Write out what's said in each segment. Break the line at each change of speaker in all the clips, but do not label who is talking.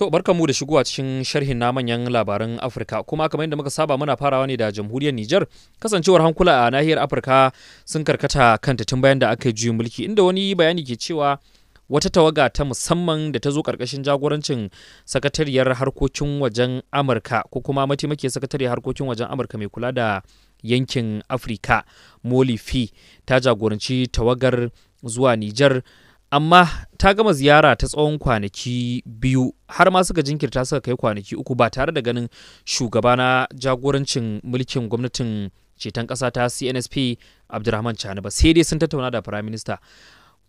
To mu da shigowa cikin sharhin na manyan labaran Afirka kuma kamar yadda muka saba muna farawa ne da jamhuriyar Nijar kasancewar hankula a nahiyar Afirka sun karkata kanta tun bayan da aka yi mulki inda wani bayani ke cewa wata tawaga ta musamman da ta zo karkashin jagorancin sakatariyar harkokin wajen Amurka ko kuma mataimake sakatariyar harkokin wajen Amurka mai kula da yankin Afirka Molifi ta jagoranci tawagar zuwa Nijar amma ta gama ziyara ta tsawon kwanaki biyu har ma suka jinkirta suka kai kwanaki uku ba tare da ganin shugaba na jagorancin mulkin gwamnatin ceton ƙasa ta cnsp abdulrahman chani ba sai dai sun tattauna da firayim minista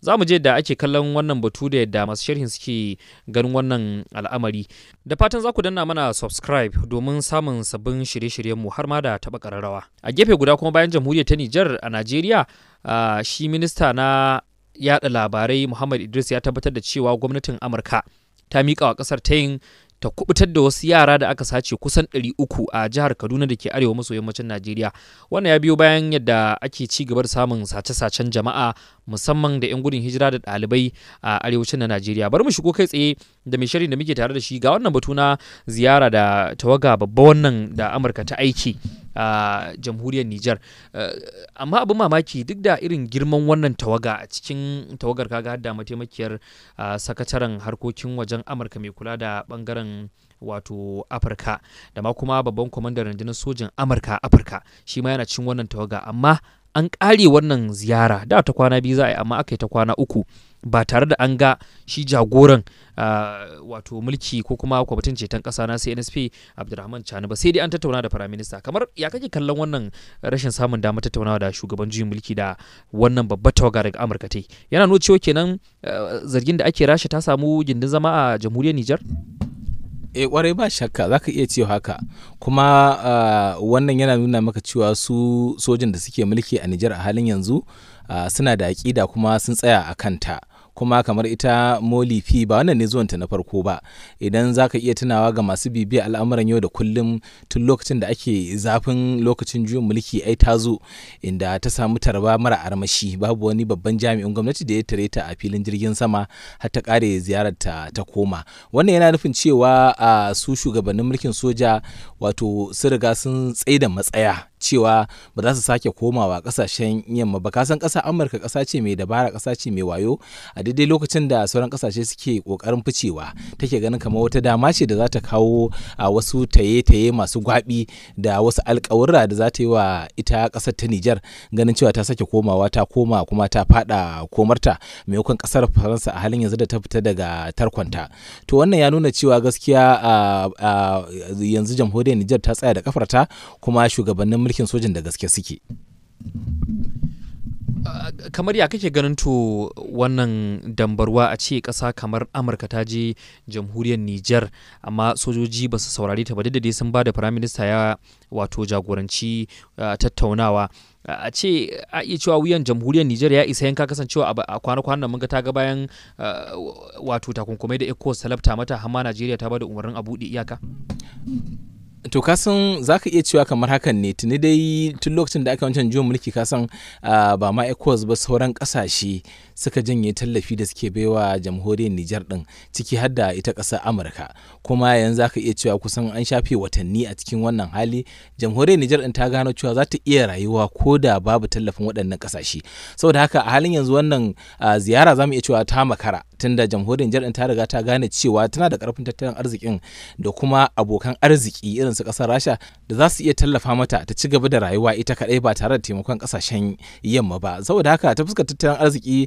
za mu je da ake kallon wannan batu da yadda masu sharhin suke ganin wannan al'amari da fatan za ku danna mana subscribe domin samun sabbin shirye-shiryenmu har ma da taɓa ƙararrawa a gefe guda kuma bayan jamhuriyar ta nijar a najeriya ah, shi minista na yada labarai Muhammad Idris ya tabbatar da cewa gwamnatin Amurka ta miƙa wa ƙasar ta yin ta kubutar da wasu yara da aka sace kusan 300 a jihar Kaduna da ke arewa maso yammacin Najeriya. Wannan ya biyo bayan yadda ake ci gaba da samun sace-sacen jama'a musamman da 'yan gudun hijira da ɗalibai a arewacin na Najeriya. Bari mu shigo kai tsaye da mai shirin da muke tare da shi ga wannan batu na ziyara da tawaga babba wannan da Amurka ta aiki. a jamhuriyar Nijar eh, amma abin mamaki duk da irin girman wannan tawaga a cikin tawagar kaga hadda mataimakiyar sakataren harkokin wajen Amurka mai kula da bangaren wato Afirka da ma kuma babban kwamandan rundunar sojin Amurka Afirka shi ma yana cin wannan tawaga amma an ƙare wannan ziyara da ta kwana biyu za a yi amma aka yi ta kwana uku ba tare da an ga shi jagoran wato mulki ko kuma kwamitin ceton kasa na CNSP Abdulrahman Chani ba sai dai an tattauna da firaminista kamar ya kake kallon wannan rashin samun dama tattaunawa da shugaban juyin mulki da wannan babbar tawaga daga Amurka
ta yana nuna cewa kenan zargin da ake rasha ta samu gindin zama a jamhuriyar Nijar e eh, kwarai ba shakka za ka iya cewa haka kuma wannan yana nuna maka cewa su sojin da suke mulki a Nijar a halin yanzu suna da aƙida kuma sun tsaya a kanta kuma kamar ita moli fi ba wannan ne zuwanta na farko ba idan za ka iya tunawa ga masu bibiya al'amuran yau da kullum tun lokacin da ake zafin lokacin juyin mulki ai ta zo inda ta samu tarba mara armashi babu wani babban jami'in gwamnati da ya tare ta a filin jirgin sama har ta kare ziyarar ta ta koma wannan yana nufin cewa a su shugabannin mulkin soja wato sun riga sun tsaida matsaya cewa ba za su sake komawa kasashen yamma ba kasan ƙasa amurka ƙasa ce mai dabara ƙasa ce mai wayo a daidai lokacin da sauran kasashe suke kokarin ficewa take ganin kamar wata dama ce da za ta kawo a wasu taye-taye masu gwabi da wasu alƙawurra da za ta yi wa ita kasar ta nijar ganin cewa ta sake komawa ta koma kuma ta faɗa komarta maimakon ƙasar faransa a halin yanzu da ta fita daga tarkonta to wannan ya nuna cewa gaskiya yanzu jamhuriyar nijar ta tsaya da kafarta kuma shugabannin mulkin sojin da gaske suke
kamar ya kake ganin to wannan dambarwa a ce kasa kamar amurka ta je jamhuriyar niger amma sojoji ba su saurari ta ba duk da dai sun ba da firaminista ya wato jagoranci tattaunawa a ce a iya cewa wuyan jamhuriyar niger ya isa yanka kasancewa a kwana-kwanan mun ga ta ga bayan wato takunkumai da ecowas ta mata hama najeriya
ta ba da umarnin a buɗe iyaka to kasan za ka iya cewa kamar hakan ne tuni dai tun lokacin da aka wancan juyin mulki kasan ah, ba ma ecowas ba sauran kasashe suka janye tallafi da suke baiwa jamhuriyar nijar din ciki har da ita kasar amurka kuma yanzu za ka iya cewa kusan an shafe watanni a cikin wannan hali jamhuriyar nijar din ta gano cewa za ta iya rayuwa ko da babu tallafin waɗannan kasashe saboda haka a halin yanzu wannan ah, ziyara za mu iya cewa ta makara tunda jamhuriyar Nijar ta riga ta gane cewa tana da karfin tattalin arzikin da kuma abokan arziki irin su kasar Rasha da za su iya tallafa mata ta ci gaba da rayuwa ita kadai ba tare da taimakon kasashen yamma ba saboda haka ta fuskar tattalin arziki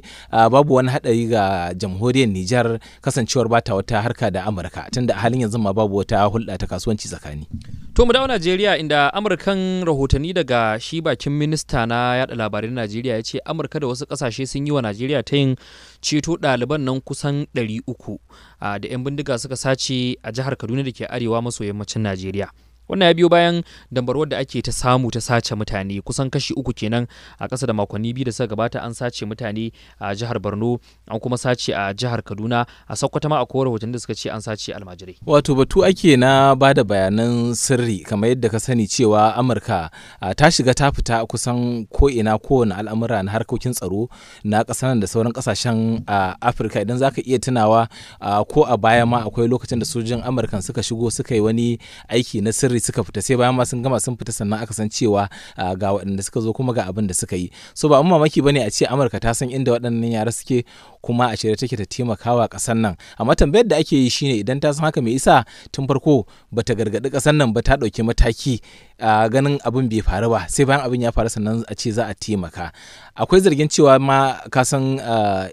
babu wani hadari ga jamhuriyar Nijar kasancewar bata wata harka da Amurka tunda a halin yanzu ma babu wata hulɗa ta kasuwanci tsakani.
To mu dawo Najeriya inda Amurkan rahotanni daga shi bakin minista na yada labarai na Najeriya ya ce Amurka da wasu kasashe sun yi wa Najeriya ta yin ceto ɗaliban nan kusan 300 ah, da 'yan bindiga suka sace a jihar Kaduna da ke arewa maso yammacin Najeriya. wannan ya biyo bayan dambarwar da ake ta samu ta sace mutane kusan kashi uku kenan a ƙasa da makonni biyu da suka gabata an sace mutane a jihar borno an kuma sace a jihar kaduna a sokoto ma kowar rahoton da suka ce an sace almajirai
wato batu ake na ba da bayanan sirri kamar yadda ka sani cewa amurka ta shiga ta fita kusan ko ina kowane al'amura na harkokin tsaro na ƙasar da sauran ƙasashen afirka idan za ka iya tunawa ko a baya ma akwai lokacin da sojojin amurkan suka shigo suka yi wani aiki na sirri sirri suka fita sai bayan ma sun gama sun fita sannan aka san cewa ga waɗanda suka zo kuma ga abin da suka yi so ba mamaki bane a ce amurka ta san inda waɗannan yara suke kuma a shirye take ta taimakawa ƙasar nan amma tambayar da ake yi shine idan ta san haka me isa tun farko bata gargaɗi ƙasar nan ba ta ɗauki mataki ganin abin bai faru ba sai bayan abin ya faru sannan a ce za a taimaka akwai zargin cewa ma kasan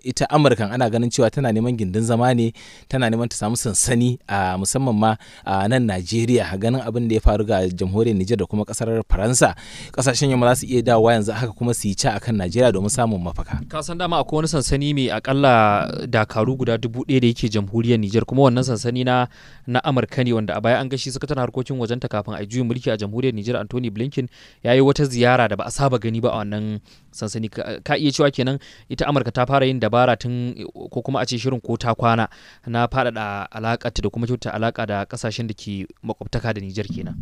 ita amurkan ana ganin cewa tana neman gindin zama ne tana neman ta samu sansani a musamman ma a nan najeriya ganin abin da ya faru ga jamhuriyar nijar da kuma kasar faransa kasashen yamma za su iya dawowa yanzu haka kuma su yi ca akan najeriya domin samun mafaka
ka kasan dama akwai wani sansani mai akalla dakaru guda dubu ɗaya da yake jamhuriyar nijar kuma wannan sansani na na amurka ne wanda a baya an gashi sakataren harkokin wajenta kafin a juyin mulki a jamhuriyar jamhuriyar Nijar Anthony Blinken ya yi wata ziyara da ba a saba gani ba a wannan sansani ka iya cewa kenan ita Amurka ta fara yin dabara tun ko kuma a ce shirin ko ta kwana na faɗaɗa alaƙa da kuma kyauta
alaƙa da kasashen da ke makwabtaka da Nijar kenan.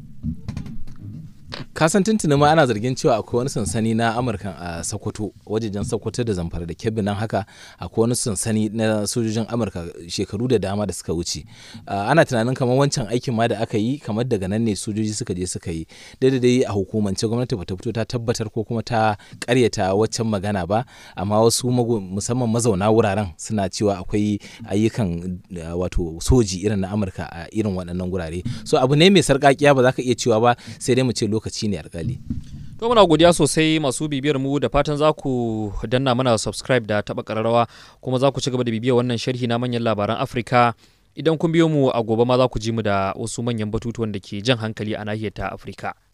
kasan tuntuni ma ana zargin cewa akwai wani sansani na amurka a sokoto wajejen sokoto da zamfara da kebbi nan haka akwai wani sansani na sojojin amurka shekaru da dama da suka wuce ana tunanin kamar wancan aikin ma da aka yi kamar daga nan ne sojoji suka je suka yi daidai a hukumance gwamnati bata fito ta tabbatar ko kuma ta karyata waccan magana ba amma wasu musamman mazauna wuraren suna cewa akwai ayyukan wato soji irin na amurka a irin waɗannan gurare so abu ne mai sarƙaƙiya ba za ka iya cewa ba sai dai mu ce lokaci ne alkali
to muna godiya sosai masu bibiyar mu da fatan za ku danna mana subscribe da taba kararrawa kuma za ku ci gaba da bibiyar wannan sharhi na manyan labaran afirka idan kun biyo mu a gobe ma za ku ji mu da wasu manyan batutuwan da ke jan hankali a nahiyar ta afirka